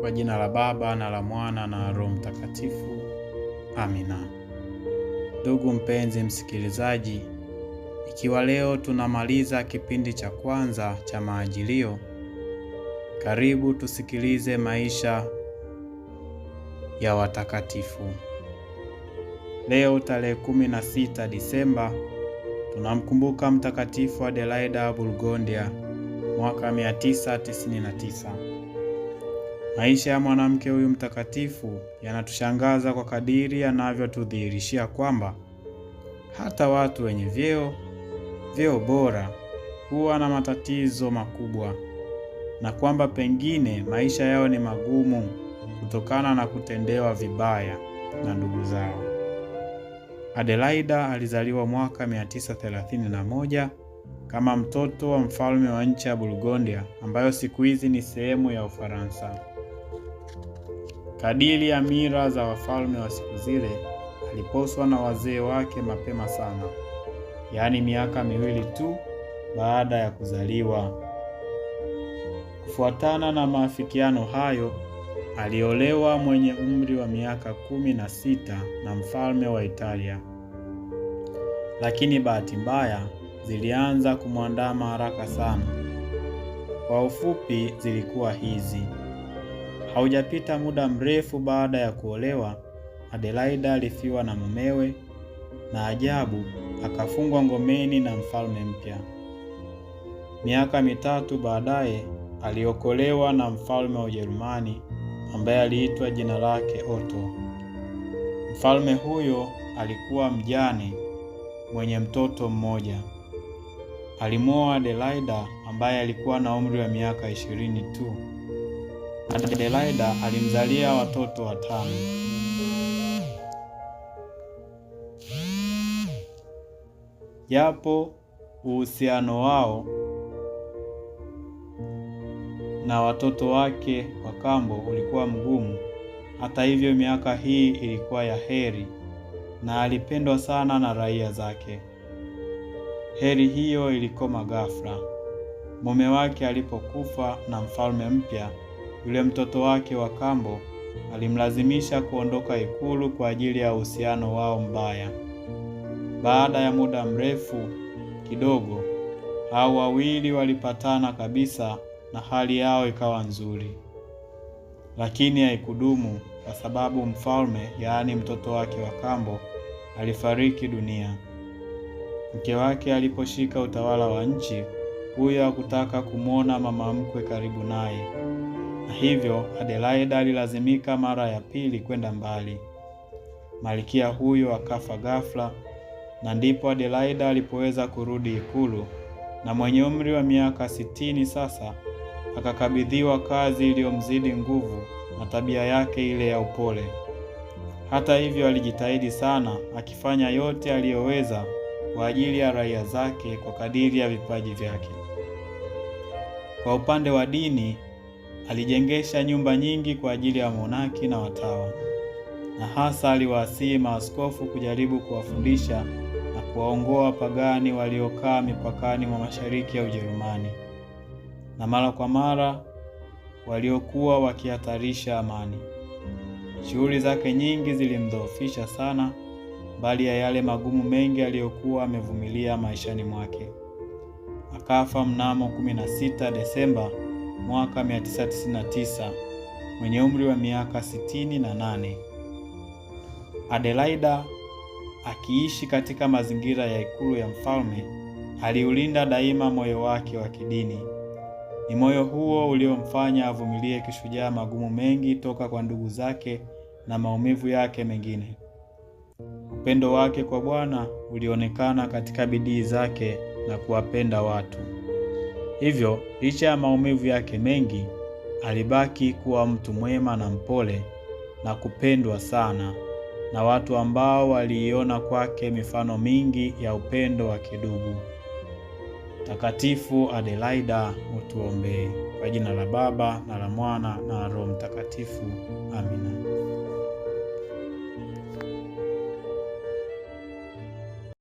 Kwa jina la Baba na la Mwana na Roho Mtakatifu. Amina. Ndugu mpenzi msikilizaji, ikiwa leo tunamaliza kipindi cha kwanza cha Maajilio, karibu tusikilize maisha ya watakatifu. Leo tarehe 16 Disemba tunamkumbuka Mtakatifu Adelaida Bulgondia mwaka 999. Maisha ya mwanamke huyu mtakatifu yanatushangaza kwa kadiri yanavyotudhihirishia kwamba hata watu wenye vyeo vyeo bora huwa na matatizo makubwa na kwamba pengine maisha yao ni magumu kutokana na kutendewa vibaya na ndugu zao. Adelaida alizaliwa mwaka 931 kama mtoto wa mfalme wa nchi ya Burgundia ambayo siku hizi ni sehemu ya Ufaransa. Kadiri ya mira za wafalme wa siku zile, aliposwa na wazee wake mapema sana, yaani miaka miwili tu baada ya kuzaliwa. Kufuatana na maafikiano hayo Aliolewa mwenye umri wa miaka kumi na sita na mfalme wa Italia, lakini bahati mbaya zilianza kumwandama haraka sana. Kwa ufupi, zilikuwa hizi. Haujapita muda mrefu baada ya kuolewa, Adelaida alifiwa na mumewe, na ajabu, akafungwa ngomeni na mfalme mpya. Miaka mitatu baadaye aliokolewa na mfalme wa Ujerumani ambaye aliitwa jina lake Oto. Mfalme huyo alikuwa mjane mwenye mtoto mmoja. Alimwoa Adelaida ambaye alikuwa na umri wa miaka ishirini tu. Adelaida alimzalia watoto watano. Japo uhusiano wao na watoto wake wa kambo ulikuwa mgumu. Hata hivyo, miaka hii ilikuwa ya heri na alipendwa sana na raia zake. Heri hiyo ilikoma ghafla mume wake alipokufa, na mfalme mpya yule mtoto wake wa kambo alimlazimisha kuondoka ikulu kwa ajili ya uhusiano wao mbaya. Baada ya muda mrefu kidogo, hao wawili walipatana kabisa na hali yao ikawa nzuri, lakini haikudumu kwa sababu mfalme, yaani mtoto wake wa kambo, alifariki dunia. Mke wake aliposhika utawala wa nchi, huyo hakutaka kumwona mama mkwe karibu naye, na hivyo Adelaida alilazimika mara ya pili kwenda mbali. malikia huyo akafa ghafla, na ndipo Adelaida alipoweza kurudi ikulu na mwenye umri wa miaka sitini sasa akakabidhiwa kazi iliyomzidi nguvu na tabia yake ile ya upole. Hata hivyo, alijitahidi sana, akifanya yote aliyoweza kwa ajili ya raia zake kwa kadiri ya vipaji vyake. Kwa upande wa dini, alijengesha nyumba nyingi kwa ajili ya monaki na watawa, na hasa aliwaasihi maaskofu kujaribu kuwafundisha na kuwaongoa wapagani waliokaa mipakani mwa mashariki ya Ujerumani na mara kwa mara waliokuwa wakihatarisha amani. Shughuli zake nyingi zilimdhoofisha sana, mbali ya yale magumu mengi aliyokuwa amevumilia maishani mwake. Akafa mnamo 16 Desemba mwaka 1999 mwenye umri wa miaka 68, Adelaida akiishi katika mazingira ya ikulu ya mfalme. Aliulinda daima moyo wake wa kidini. Ni moyo huo uliomfanya avumilie kishujaa magumu mengi toka kwa ndugu zake na maumivu yake mengine. Upendo wake kwa Bwana ulionekana katika bidii zake na kuwapenda watu. Hivyo, licha ya maumivu yake mengi, alibaki kuwa mtu mwema na mpole na kupendwa sana na watu ambao waliiona kwake mifano mingi ya upendo wa kidugu. Takatifu Adelaida, utuombee. Kwa jina la Baba na la Mwana na Roho Mtakatifu. Amina.